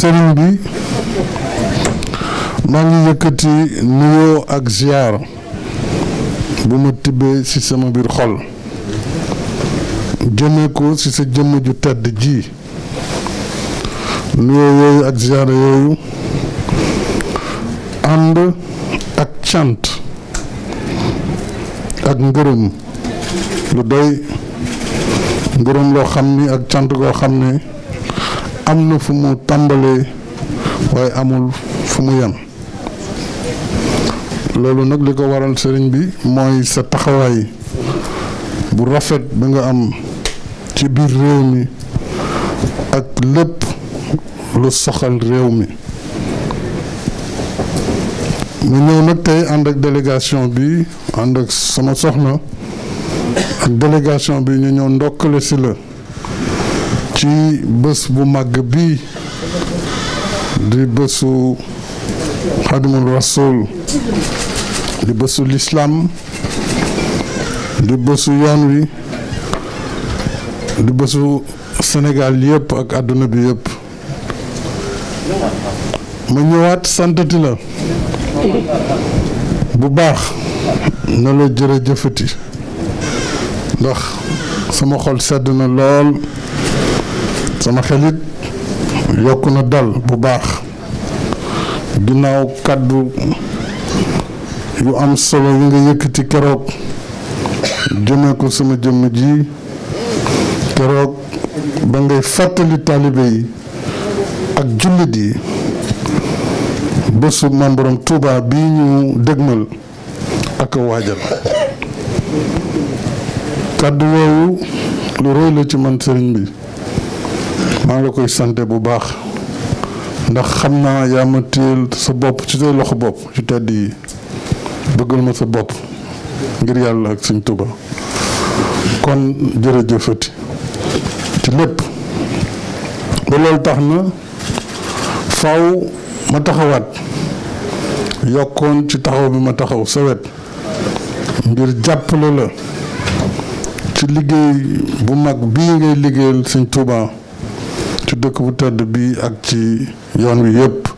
sëriñ bi maa ngi yëkkati ak ziar bu ma tibbee ci sama biir xol jëmee ko ci sa jëmm ju tedd jii nuyoo yooyu ak ziar yooyu ànd ak cant ak ngërëm lu doy ngërëm loo xam ni ak cant goo xam ne am na fu mu tàmbalee waaye amul fu mu yem loolu nag li ko waral sëriñ bi mooy sa taxawaay bu rafet bi nga am ci biir réew mi ak lépp lu soxal réew mi mu ñëw nag tey ànd ak délégation bi ànd ak sama soxna ak délégation bi ñu ñëw ndokkale si la ci bés bu màgg bi di bésu xadimul rasul di bésu lislaam di bésu yoon wi di bésu Sénégal yëpp ak àdduna bi yëpp ma ñëwaat santati la bu baax na la jërëjëfati ndax sama xol sedd na lool sama xelit yokk na dal bu baax ginnaaw kàddu yu am solo yi nga yëkkati keroog jëmee ko sama jëmm ji keroog ba ngay fàttali taalibe yi ak jullit yi bésu Maam Borom Tuuba bi ñu dëgmal ak waajal kàddu woowu lu rëy la ci man sëriñ bi maa la koy sante bu baax ndax xam naa yaa ma téyel sa bopp ci say loxo bopp ci tedd yi bëggal ma sa bopp ngir yàlla ak suñ tuba kon jërëjëfati ci lépp ba tax na faaw ma taxawaat yokkoon ci taxaw bi ma taxaw sa ngir jàppale la ci liggéey bu mag bii ngay liggéeyal suñ tuba ci dëkk bu tedd bi ak ci yoon wi yépp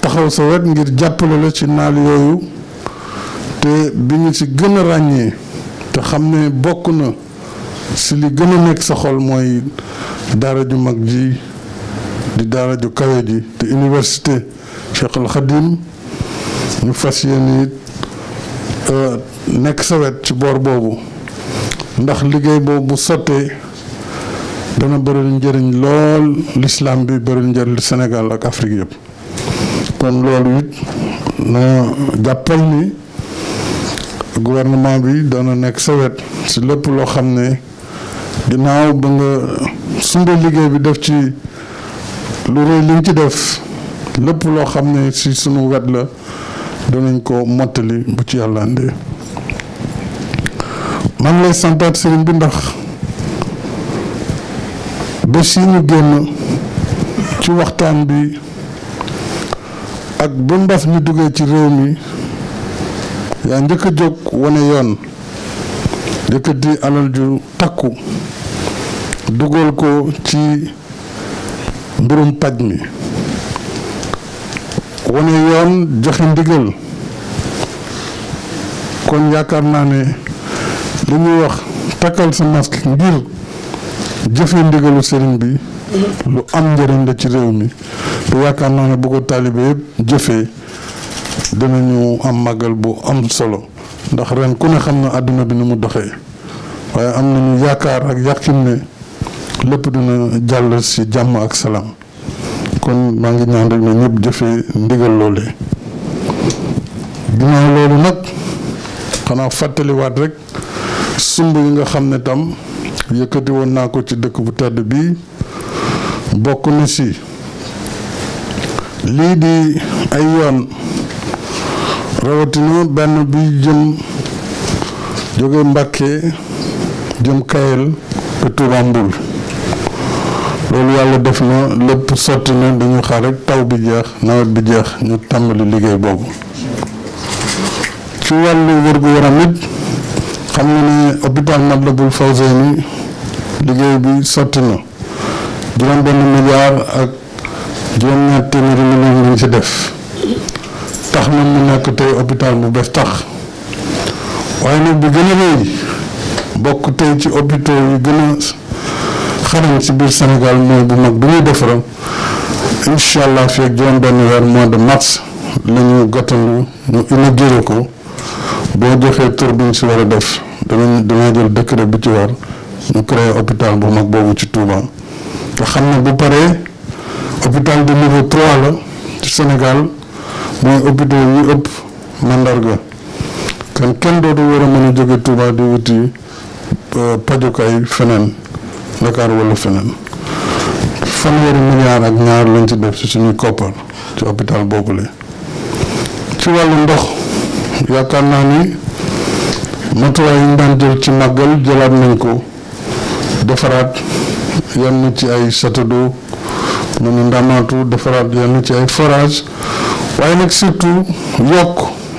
taxaw sa wet ngir jàppale la ci naal yooyu te bi ñu ci gën a ràññee te xam ne bokk na si li gën a nekk sa xol mooy daara ju mag ji di daara ju kawe ji te université Cheikh Al Khadim ñu fas yéen it euh, nekk sa wet ci boor boobu ndax liggéey boobu sottee dana bëril njëriñ lool lislaam bi bëril njëriñ Sénégal ak Afrique yëpp kon loolu it na jàppal ni gouvernement bi dana nekk sa wet si lépp loo xam ne ginnaaw ba nga sumba liggéey bi def ci lu rëy liñ ci def lépp loo xam ne si sunu wet la danañ ko mottali bu ci yàlla andee man lay santaat sëriñ bi ndax bés yi génn ci waxtaan bi ak ba mbas mi duggee ci réew mi yaa njëkk a jóg wane yoon di alal ju takku dugal ko ci mbirum paj mi wane yoon joxe ndigal kon yaakaar naa ne li ñuy wax takkal sa masque ngir jëfe ndigalu sëriñ bi mhm. lu am njëriñ la ci réew mi te yaakaar naa ne bu ko taalibe yëpp jëfee dinañu am magal bu am solo ndax ren ku ne xam na àdduna bi ni mu doxee waaye am na nañu yaakaar ak yàqin ne lépp dina jàll si jàmm ak salaam kon maa ngi ñaan rek ne ñëpp jëfee ndigal loolee ginnaaw loolu nag xanaa fàttaliwaat rek sumb yi nga xam ne tam yëkkati woon naa ko ci dëkk bu tedd bi bokk na si lii di ay yoon rawatina benn bi jëm jóge Mbàkke jëm Kayel te Tuuba Mbul loolu yàlla def na lépp sotti na dañu xaar rek taw bi jeex nawet bi jeex ñu tàmbali liggéey boobu ci wàllu wér-gu-yaram it xam nga ne hôpital Matlaboul Fawzeyni liggéey bi sotti na juróom benn milliard ak juróom-ñaar def tax na mu nekk tey hôpital bu bees tax waaye nag bi gën a bokk tey ci hôpitaux yi gën a xarañ si biir Sénégal mooy bu mag bi muy defara incha allah fii ak juróom benn weer mois de mars la ñu gàttal ñu inauguré ko boo joxee tur bi ñu si war a def danañ dana jël décret bi ci war ñu créé hôpital bu mag boobu ci Touba nga xam ne bu paree hôpital de niveau 3 la ci Sénégal mooy hôpital yi ëpp mandarga kenn dootu war a mën a jóge Touba di wuti euh, pajukaay feneen Dakar wala feneen fanweeri milliard ak ñaar lañ ci def ci suñuy koppar ci hôpital boobule ci wàllu ndox yaakaar naa ni matuwaay daan jël ci màggal jëlaat nañ ko defaraat yenn ci ay château d'eau mu nu ndamaatu defaraat yenn ci ay forage waaye nag surtout yokk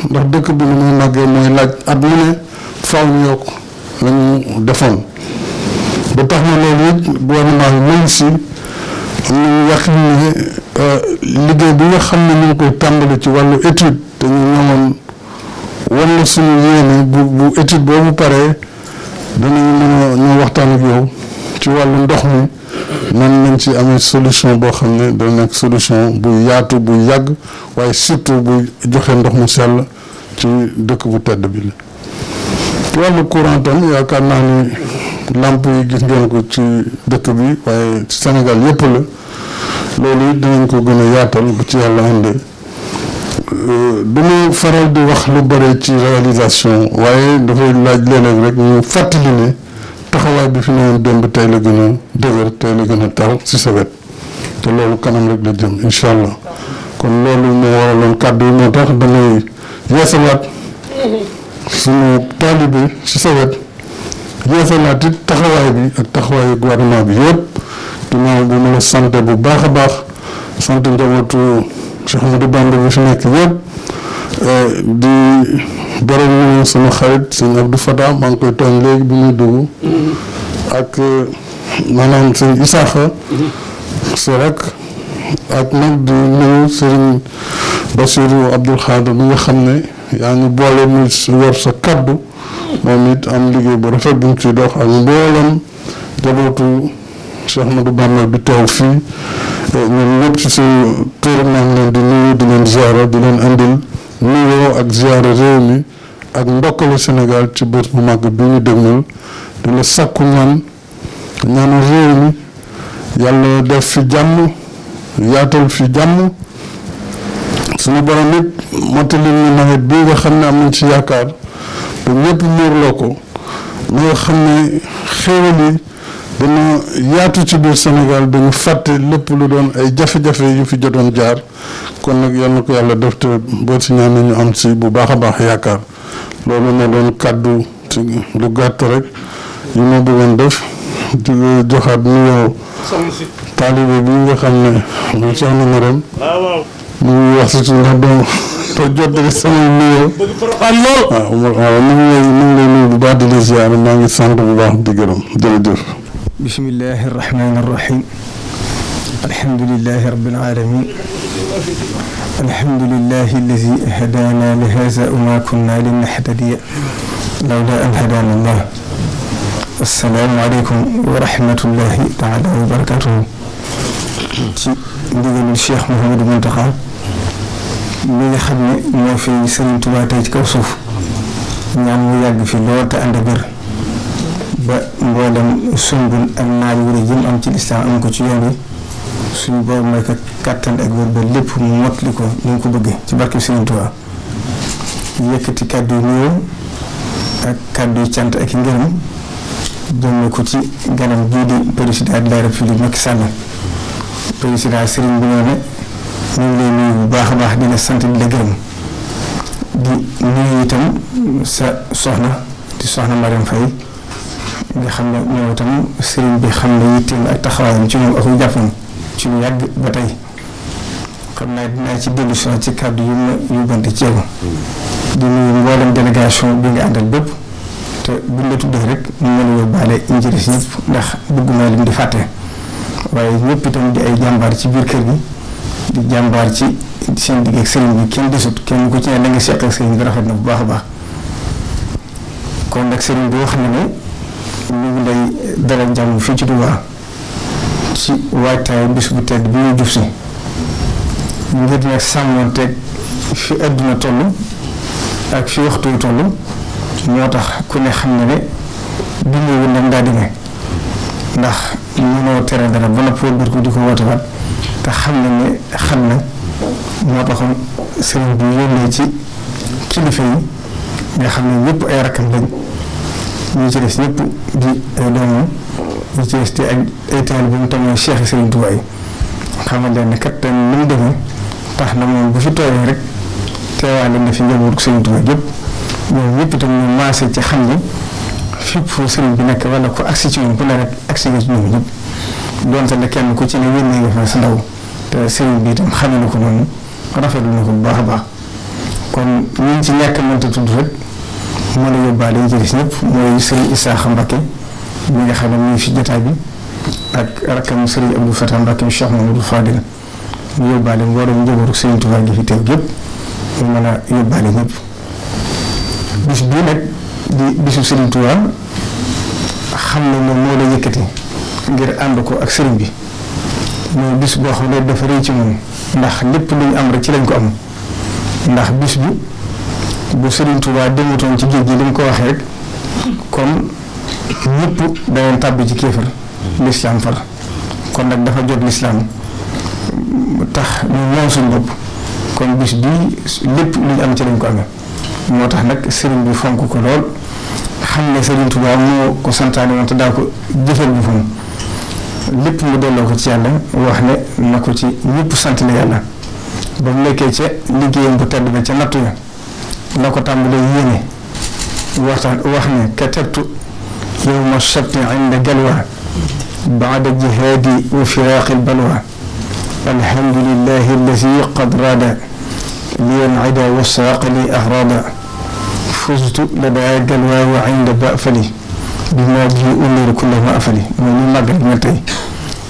ndax dëkk bi lu muy màggee mooy laaj at mu ne faw ñu yokk lañu defoon ba tax na loolu it gouvernement bi mañ si am nañu yàqin ne euh, liggéey bi nga xam ne ñu ngi koy tàmbali ci wàllu étude te ñu ñëwoon wan la suñu yéene bu bu étude boobu paree danañ mën a ñoo waxtaan ak ci wàllu ndox mi nan nañ ci amee solution boo xam ne dana nekk solution bu yaatu bu yàgg waaye surtout bu joxe ndox mu sell ci dëkk bu tedd bi la. ci wàllu courant tam yaakaar naa ni làmp yi gis ngeen ko ci dëkk bi waaye ci Sénégal yëpp la loolu it dinañ ko gën a yaatal bu ci yàlla àndee. Euh, dama faral di wax lu bëri ci réalisation waaye dafay laaj leneen rek ñu fàttali ne taxawaay bi fi newoon démb tey la gën a dëgër tey la gën a tar si sa te loolu kanam rek la jëm incha allah kon loolu moo waraloon kàddu yi moo tax damay yeesalaat suñu taalibe si sa yeesalaat it taxawaay bi ak taxawaayu gouvernement bi yëpp dina dina la sant bu baax a baax sant njabootu. Cheikh Ahmadou Bamba eh, xarit sëñ Abdou Fatah maa koy tooñ léegi bu ñuy eh, maanaam sëñ Isaaxa ak nag di Abdul Xaadir mi nga xam ne yaa ngi boole muy yor sa kaddu moom it am liggéey bu rafet bu ñu ciy dox ak mboolam jabootu Cheikh Ahmadou teew fii ñun ñëpp ci suñu tur maa ngi di nuyu di leen ziara di leen andil nuyoo ak ziara réew mi ak ndokkalu Sénégal ci bés bu mag bi ñu dégmal di la sakku ñaan ñaanu réew mi yàlla def fi jàmm yaatal fi jàmm suñu borom it mottali ñu nawet bi nga xam ne am nañ ci yaakaar te ñëpp muurloo ko nga xam ne xéewal yi dana yaatu ci biir Sénégal dañu fàtte lépp lu doon ay jafe-jafe yu fi jotoon jaar kon nag yal na ko yàlla def te boo si ñaan ñu am si bu baax a baax yaakaar loolu na doon kàddu ci lu gàtt rek yi ma bëggoon def di joxaat nuyoo taalibe bi nga xam ne moom soxna Maram mu ngi wax si suñu doom te jot rek sama nuyoo waaw waaw mu ngi lay mu ngi lay bu baax di la ziar maa ngi sant bu baax di gërëm jërëjëf bismillahi irrahmani irrahim alhamdulilahi rabilalamin alhamdulilahi alladi hadaana li haza wama kunna linahtadiya lawla an hadaana allah assalaamu aleykum wa rahmatullahi taala wa barakatuhu ci ndigalul Cheikh Mouhamadou Mountakha mi nga xam ne moo fi Sëriñ Tuubaa tey ci kaw suuf ñaan mu yàgg fi lool te ànd ak wér ba mboolem sumbul ak naaj wu rëy yi am ci lislaam am ko ci yoon bi suñu borom may ko kàttan ak wér ba lépp mu ko ni mu ko bëggee ci barkeb Sëriñ Tuubaa yëkkati kàddu yu ak kàddu yu cant ak i ngërëm jëmme ko ci ganam gii di président na bu baax baax dina sant di la gërëm di nuyu itam sa soxna di soxna Mariam Faye di xam ne ñoom tam sëriñ bi xam ne yitteem ak taxawaayam ci moom ak mu jàppoon ci lu yàgg ba tey xam naa dinaa ci dellu si ci kàddu yu ma yóbbante ci bi nga bépp te buñ la tuddee rek ñu mën a yóbbaale njëriñ si ñëpp ndax bëgguma lim di fàtte waaye ñëpp itam di ay jàmbaar ci biir kër gi di jàmbaar ci seen digg ak sëriñ bi kenn desut kenn ku ci ne la nga seq sëriñ bi rafet na bu baax a baax kon nag sëriñ bi xam na ne ñu ngi lay dalal jàmm fii ci Touba ci waajtaay bis bu tedd bi ñu jub si ngir nag sàmmanteeg fi àdduna toll ak fi waxtu toll ñoo tax ku ne xam na ne bi ñu wëndam daa demee ndax mënoo tere dara ba noppoo biir ko di ko woote te xam na ne xam na moo taxoon sëriñ bi yónnee ci kilifa yi nga xam ne ñëpp ay rakkam lañ mu ci des ñëpp di doomam ñi ci te mooy Cheikh Serigne Touba yi xamal leen ne mu demee tax na moom bu fi toogee rek la na fi njabootu Serigne Touba yëpp ñoom ñëpp itam ñu maase ci xam ne fi foo Serigne bi nekk wala ko agsi ci moom ci ñoom ñëpp donte ne kenn ku ci ne yónnee ndaw te Serigne bi itam xamee na ko noonu rafetlu na ko bu baax a baax kon ñi ci nekk mënta tudd rek. mën a yóbbaale yi ci des ñëpp mooy Serigne Issakha Mbacké mi nga xam ne mu ngi fi jotaay bi ak rakkam Serigne Abdou Fatah Mbacké Cheikh Mamadou Fadil mu yóbbaale mboolem mu mën a yóbbaale ñëpp bis bii nag di bisu Serigne Touba xam ne moom moo la yëkkati ngir ànd ko ak Serigne bi mooy bis boo xam ne dafa rëy ci ndax lépp lu am rek ci lañ ko am ndax bis bi. bu Serigne Touba demutoon ci géej gi li mu ko waxee kon ñëpp da tàbbi ci kéefar lislaam far kon nag dafa jot lislaam tax ñu moom suñu bopp kon bis bii lépp lu ñu am ci lañ ko amee moo tax nag Serigne bi fonk ko lool xam ne Serigne Touba moo ko santaane woon te daa ko jëfal bu fam lépp mu delloo ko ci yàlla wax ne na ko ci ñëpp sant la yàlla ba mu nekkee ca liggéeyam bu tedd ba ca nattu ya la ko tàmbalee yéene waxtaan wax ne katabtu yowma sabti inda galwa baada jihaadi wa firaaqi albalwa alhamdulilahi alladi qad raada liyancida wasaaqa li ahraada fustu ladaa galwa wa inda bafali bima ji umiru kulla ma afali mooy ñu màggal gi ma tey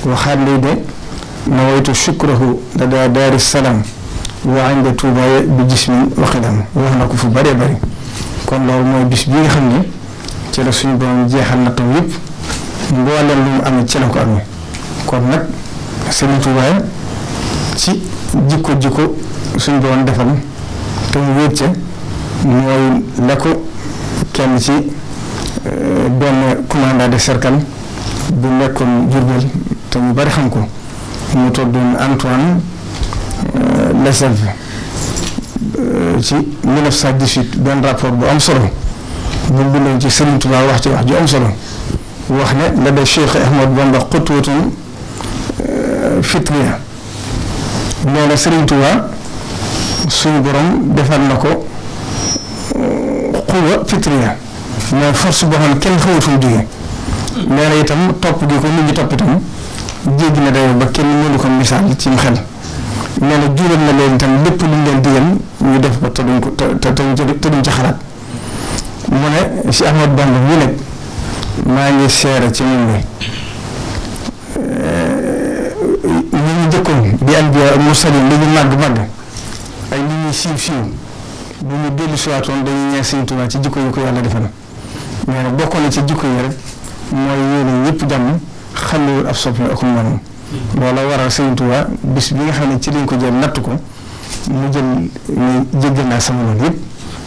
waxaat lay de nawaytu shukrahu ladaa daari salaam waa inda Touba bi gis mi waxi wax na ko fu baree bëri kon loolu mooy bis bi nga xam ne ci la suñu borom jeexal na tam yëpp mboolem lu mu amee ci la nag Serigne Touba ci jikko jikko suñu borom defal te mu wéet ca la ko kenn ci euh, benn commandant de cercle bu nekkoon Jurbel te mu bari xam ko mu tuddoon Antoine. Euh, la seen euh, ci 1918 benn rapport bu am solo bu bindoon ci Serigne Touba wax ci wax ju am solo wax ne la de Cheikh Ahmad ba xutwatun euh, fitriya nee na Serigne Touba suñu borom defar na ko euh, xuwa fitriya mais force boo xam ne kenn xawul fu mu jógee nee na itam topp gi ko nit ñi topp itam jéggi na dayoo ba kenn mënu ko misaal ci xel. nee na na leen itam lépp luñ leen digal ñu def ko te duñ ko te te te duñ ci xalaat mu ne Cheikh Ahmad Bamba mu nekk maa ngi seere ci ñun ne eh, ñu ñu jëkkoon di anbiya ak mursalin li ñu màgg màgg ay li ñuy siiw siiw bu ñu dellu si waatoon dañuy ñaan Sëñ Tuubaa ci jikko yi ko yàlla defe na mais nag bokkoon na ci jikko yi rek mooy yéene ñëpp jàmm xamuwul ab soppi ak mu loola waral Sëriñ Tuubaa bis bi nga xam ne ci lañ ko jël natt ko mu jël ne jéggal naa sama noonu yëpp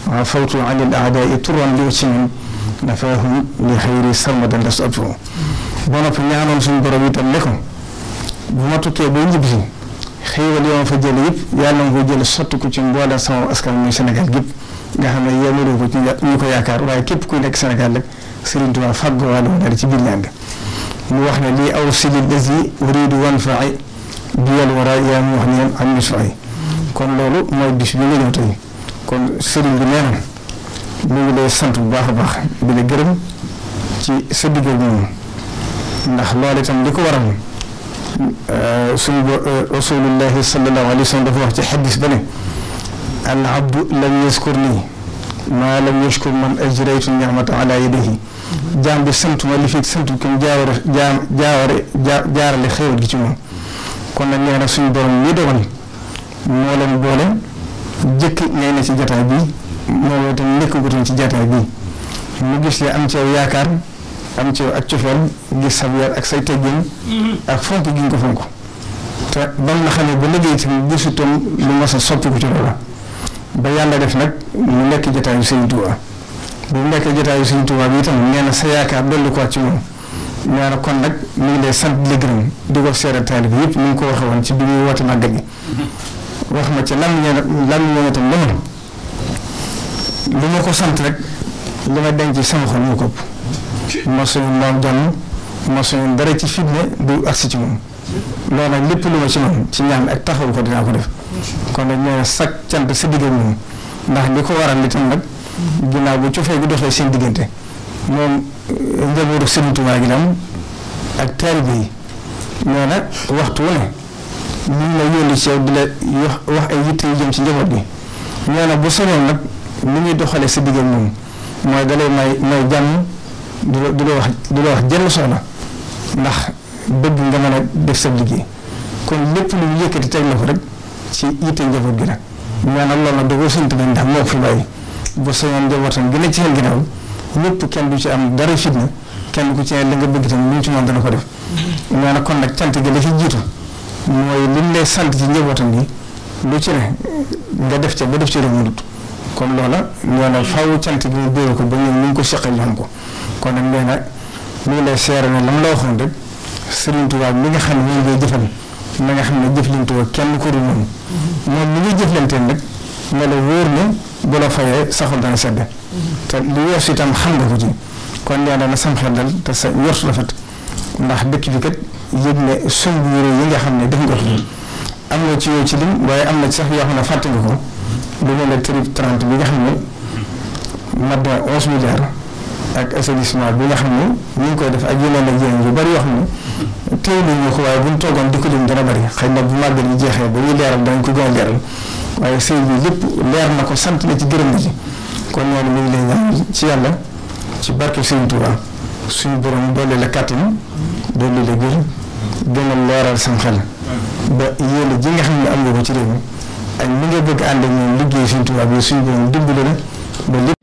waaw fawtu anil a'daa'i turan li utimma nafaahum li xayri sarmadan lastu abturu suñu borom itam ne ko bu ma tukkee boo ñibbisi xéewal yoo ma fa jële yëpp yàlla nga ko jële sotti ci mboolem sama askan muy Sénégal gépp nga xam ne yemaloo ko ci ñu ko yaakaar waaye képp ku nekk Sénégal rek Sëriñ Tuubaa fàggoo wàllu ci biir ñaan mu wax ne lii aw si li des yi uridu wan faay biyal wara yaa mu wax ne yéen am nisfaay kon loolu mooy bis bi nga ñëw tey kon sëriñ bi nee na mu ngi lay sant bu baax a baax di la gërëm ci sa digal moom ndax loolu itam li ko waral euh, suñu euh, rasulullahi sallallahu alayhi wa sallam dafa wax ci xadis ba ne al abdu lam yaskur nii maa lam yashkur man ajraytu nicmata ala yadihi jaam bi sant ma li fi santu ko jaaware jaa jaa jaarale xéewal gi ci moom kon nag nee na suñu borom ñi dogal moo leen boole jëkk ngay ne ci jataay bi moo la tam nekkagutoon ci jataay bi mu gis la am ci yaakaar am ci yow ak cofeel gis sa yar ak say teggin ak fonk gi nga ko fonk te bam na xam ne ba liggéey tam gisu tam lu mas a soppiku ci loola ba yàlla def nag mu nekk jataayu Sëriñ Tuubaa bu mu nekkee jotaayu suñu Tuubaa bi itam tam na sa yaakaar dolli ko ci moom nee na kon nag mu ngi lay sant di la gërëm di ko seere taalib yëpp nga ko waxee woon ci bi muy woote màggal gi ma ci lan ngeen lan ngeen itam lu ma ko sant rek li ma denc sama xol moo ko ëpp moo suñu moom jonn dara ci fitne du agsi ci moom loolu nag lépp lu ma ci man ci ñaan ak taxaw ko dinaa ko def kon nag nee na sag cant sa diggal moom ndax li ko waral li tam nag ginnaaw bu cofee gi doxee seen diggante moom euh, njabootu Sëriñ Tuubaa gi tam ak taalibe yi nee nag waxtu mu ne ñu ngi lay yónni la wax wax ay yitte yu jëm ci njaboot bi nee na bu sonoon nag ni ñuy doxalee sa diggante moom mooy dalay may may jàmm du la du la wax du la wax jenn soxla ndax nga mën a def sa liggéey kon lépp lu ñu yëkkati teg na ko rek ci yitte njaboot gi nag nee na loolu nag da koo sant nañ ndax moo fi bàyyi ba sañoon njabootam gën a ci seen ginnaaw ñëpp kenn du ci am dara fitna kenn ku ci ne la nga bëgg tam lu ñu ci mën dana ko def. nee na kon nag cant gi la ci jiitu mooy li ñu lay sant ci njabootam bi lu ci ne nga def ca ba def ca rek mu dut kon loola nee na faaw cant gi mu béyoon ko ba ñoom ñu ngi ko seqal ñu xam ko kon nag nee na ñu ngi lay seere ne lam la waxoon rek Serigne Touba mi nga xam ne moom ngay jëfal na nga xam ne jëflante kenn ku dul moom moom mi nga jëflante nag ne la wóor na. bu la fayee saxul dana sedd te lu weesu itam xam nga ko ci kon yaa na sam xel dal te sa yortu rafet ndax dëkk bi kat yëg ne sumb yu rëy yi nga xam ne def nga ko am na ci ci lim waaye am na ci sax yoo xam ne ko lu mel ne trip 30 bi nga xam ne mat na 11 milliards ak assainissement bi nga xam ne ñu ngi koy def ak yeneen ak yeneen yu bari yoo xam ne teewlu ñu ko waaye bu mu toogoon di ko lim dana bari xëy na bu màggal yi jeexee ba ñu leeral dañ ko gën a leeral waaye sëy bi lépp leer na ko sant na ci gërëm na ci kon noonu mi ngi lay ñaan ci yàlla ci barke Sëriñ Tuubaa suñu borom dolli la kàttan dolli la gër gënal leeral sam xel ba yéen ji nga xam ne am nga ko ci réew mi ak ni nga bëgg ànd ak ñoom liggéey Sëriñ bi suñu borom dimbali la ba lépp